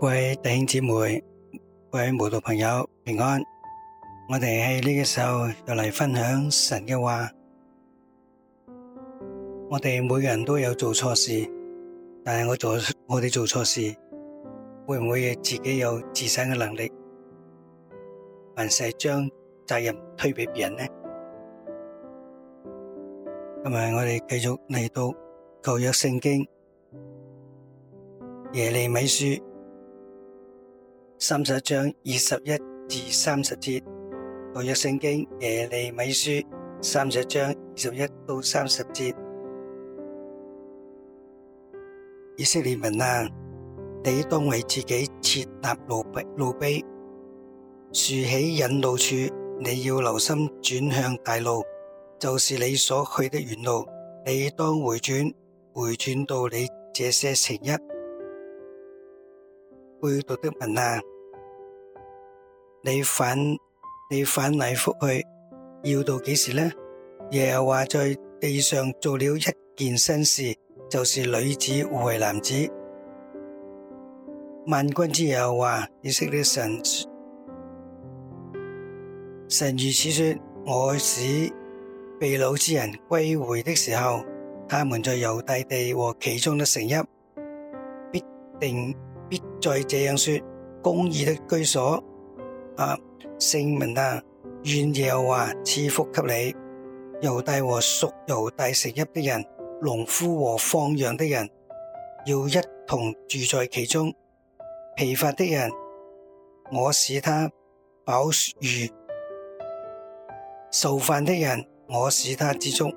各位弟兄姊妹，各位慕道朋友，平安！我哋喺呢個時候又嚟分享神嘅話。我哋每個人都有做錯事，但係我做我哋做錯事，會唔會自己有自省嘅能力，還是將責任推俾別人呢？今日我哋繼續嚟讀舊約聖經耶利米書。三十章二十一至三十節，讀一聖經耶利米書三十章二十一到三十節。以色列民啊，你當為自己設立路碑，路碑豎起引路柱，你要留心轉向大路，就是你所去的原路，你當回轉，回轉到你這些城邑。背道的民哪，你反你反來覆去，要到幾時呢？耶和華在地上做了一件新事，就是女子護衛男子。萬軍之耶和華：認識了神，神如此說，我使被擄之人歸回的時候，他們在猶大地和其中的城邑，必定。必再這樣說，公義的居所啊，聖山啊，願耶和華賜福給你，猶大和屬猶大城邑的人，農夫和放羊的人，要一同住在其中。疲乏的人，我使他飽饫；愁煩的人，我使他知足。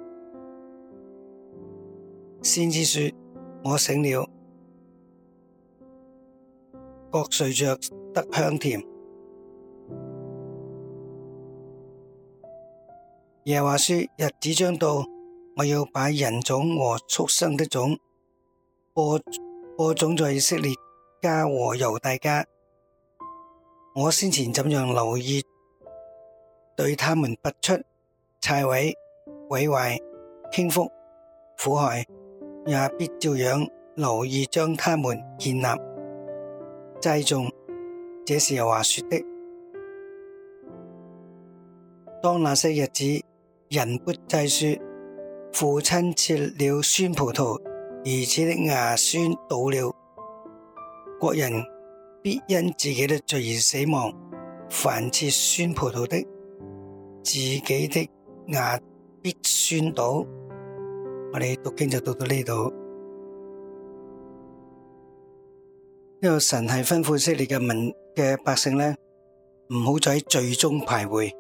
先知說：我醒了。覺睡着得香甜。耶和華說日子將到，我要把人種和畜生的種播播種在以色列家和猶大家。我先前怎樣留意對他們拔出、拆毀、毀壞、傾覆、苦害，也必照樣留意將他們建立。制種，這是有話說的。當那些日子人不再說，父親切了酸葡萄，兒子的牙酸倒了，國人必因自己的罪而死亡。凡切酸葡萄的，自己的牙必酸倒。我哋讀經就讀到呢度。呢個神係吩咐以色列嘅民嘅百姓呢，唔好再喺罪中徘徊，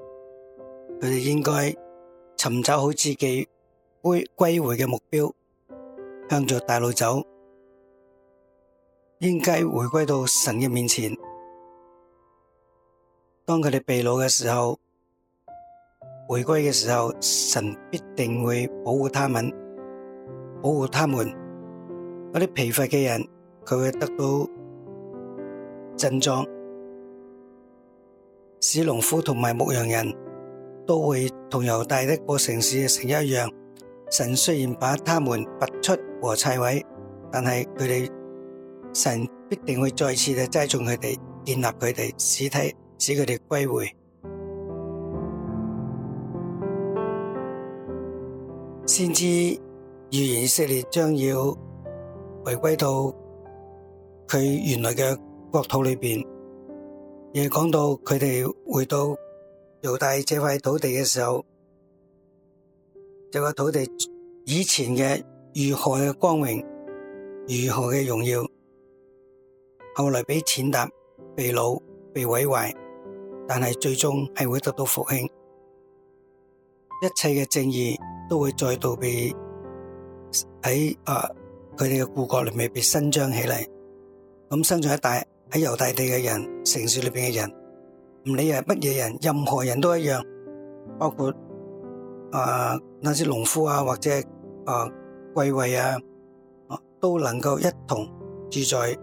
佢哋應該尋找好自己歸歸回嘅目標，向著大路走，應該回歸到神嘅面前。當佢哋疲老嘅時候，回歸嘅時候，神必定會保護他們，保護他們。嗰啲疲乏嘅人，佢會得到。症狀，使農夫同埋牧羊人都會同猶大的一個城市嘅城一樣。神雖然把他們拔出和拆毀，但係佢哋神必定會再次嘅栽種佢哋，建立佢哋屍體，使佢哋歸回。先知預言以色列將要回歸到佢原來嘅，國土裏邊，亦講到佢哋回到猶大這塊土地嘅時候，這塊土地以前嘅如何嘅光榮，如何嘅榮耀，後來俾踐踏、被擄、被毀壞，但係最終係會得到復興，一切嘅正義都會再度被喺啊佢哋嘅故國裏邊被伸張起嚟，咁生咗一大。喺猶大地嘅人，城市裏邊嘅人，唔理係乜嘢人，任何人都一樣，包括啊那些農夫啊，或者啊貴位啊，都能夠一同住在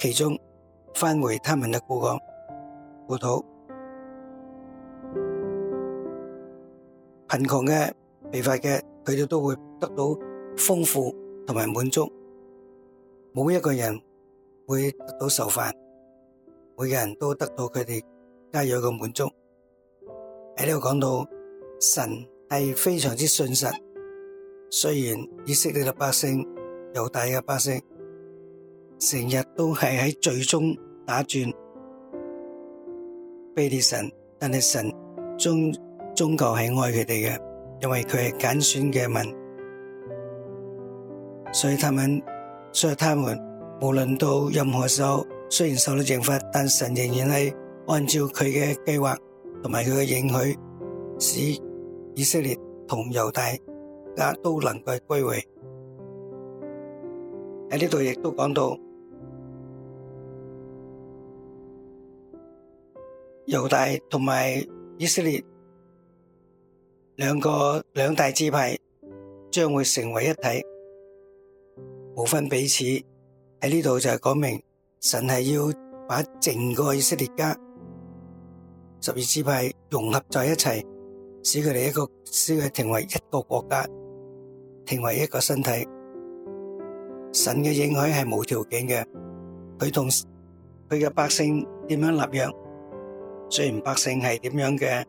其中，翻回他們嘅故國故土。貧窮嘅、疲乏嘅，佢哋都會得到豐富同埋滿足。冇一個人會得到受罰，每個人都得到佢哋該有嘅滿足。喺呢度講到神係非常之信實，雖然以色列嘅百姓、猶大嘅百姓，成日都係喺罪中打轉，背離神，但係神終終究係愛佢哋嘅，因為佢係揀選嘅民，所以他們，所以他們。無論到任何時候，雖然受到懲罰，但神仍然係按照佢嘅計劃同埋佢嘅應許，使以色列同猶大家都能夠歸回。喺呢度亦都講到，猶大同埋以色列兩個兩大支派將會成為一體，無分彼此。喺呢度就係講明神係要把整個以色列家十二支派融合在一齊，使佢哋一個，使佢哋成為一個國家，成為一個身體。神嘅影響係無條件嘅，佢同佢嘅百姓點樣立約？雖然百姓係點樣嘅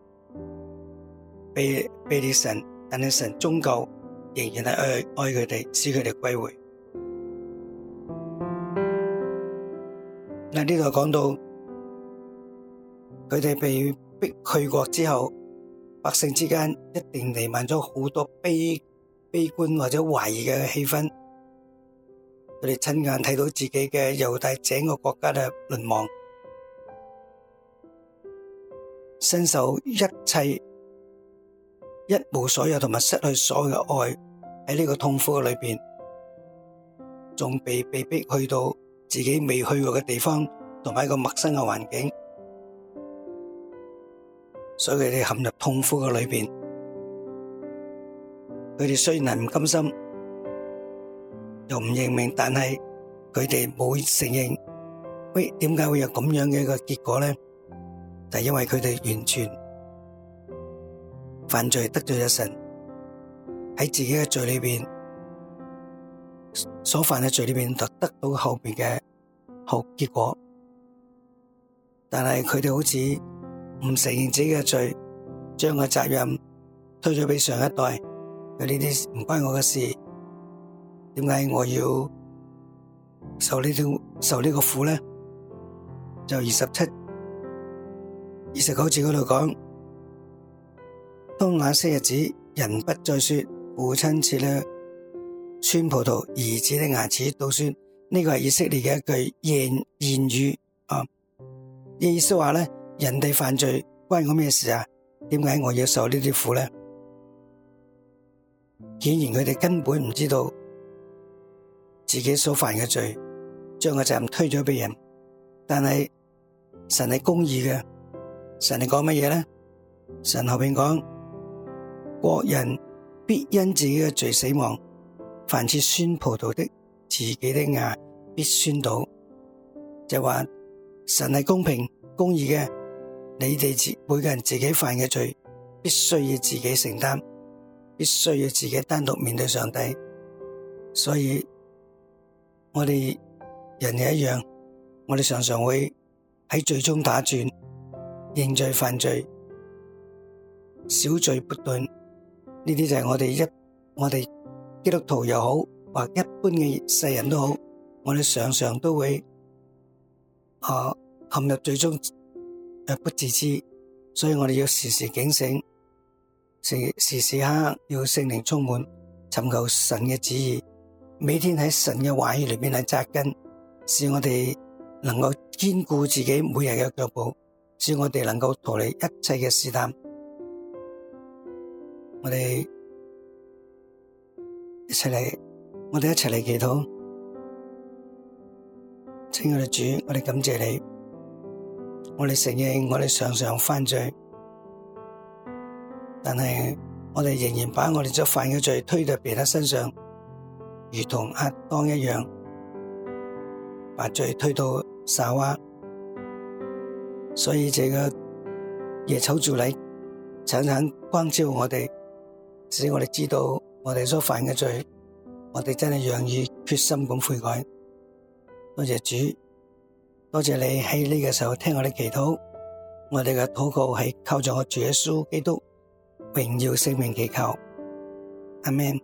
被被列神，但係神終究仍然係愛愛佢哋，使佢哋歸回。呢度講到佢哋被逼去國之後，百姓之間一定彌漫咗好多悲悲觀或者懷疑嘅氣氛。佢哋親眼睇到自己嘅猶大整個國家嘅淪亡，身受一切一無所有，同埋失去所有嘅愛，喺呢個痛苦嘅裏邊，仲被被逼去到自己未去過嘅地方，同埋一個陌生嘅環境，所以佢哋陷入痛苦嘅裏邊。佢哋雖然係唔甘心，又唔認命，但係佢哋冇承認。喂，點解會有咁樣嘅一個結果咧？就係因為佢哋完全犯罪，得罪咗神，喺自己嘅罪裏邊。所犯嘅罪裏邊得得到後邊嘅後果結果，但係佢哋好似唔承認自己嘅罪，將個責任推咗俾上一代。佢呢啲唔關我嘅事，點解我要受呢條受呢個苦咧？就二十七、二十九節嗰度講，當那些日子人不再說父親時咧，酸葡萄，兒子的牙齒都酸。呢個係以色列嘅一句諺諺語啊。意思話咧：人哋犯罪關我咩事啊？點解我要受呢啲苦咧？顯然佢哋根本唔知道自己所犯嘅罪，將個責任推咗俾人。但係神係公義嘅，神係講乜嘢咧？神後邊講：國人必因自己嘅罪死亡。凡切酸葡萄的自己的牙必酸倒，就話、是、神係公平公義嘅，你哋自每個人自己犯嘅罪，必須要自己承擔，必須要自己單獨面對上帝。所以我哋人也一樣，我哋常常會喺罪中打轉，認罪犯罪，小罪不斷，呢啲就係我哋一我哋。基督徒又好，或一般嘅世人都好，我哋常常都會啊陷入罪中而不自知，所以我哋要時時警醒，時時時刻要聖靈充滿，尋求神嘅旨意，每天喺神嘅話語裏邊去扎根，使我哋能夠堅固自己每日嘅腳步，使我哋能夠逃離一切嘅試探。我哋。一齊嚟，我哋一齊嚟祈禱，請我哋主，我哋感謝你，我哋承認我哋常常犯罪，但係我哋仍然把我哋所犯嘅罪推到別人身上，如同亞當一樣，把罪推到撒娃。所以這個耶穌主嚟常常光照我哋，使我哋知道。我哋所犯嘅罪，我哋真係願意決心咁悔改。多謝主，多謝你喺呢個時候聽我哋祈禱，我哋嘅禱告係靠着我主耶穌基督榮耀聖名祈求。阿門。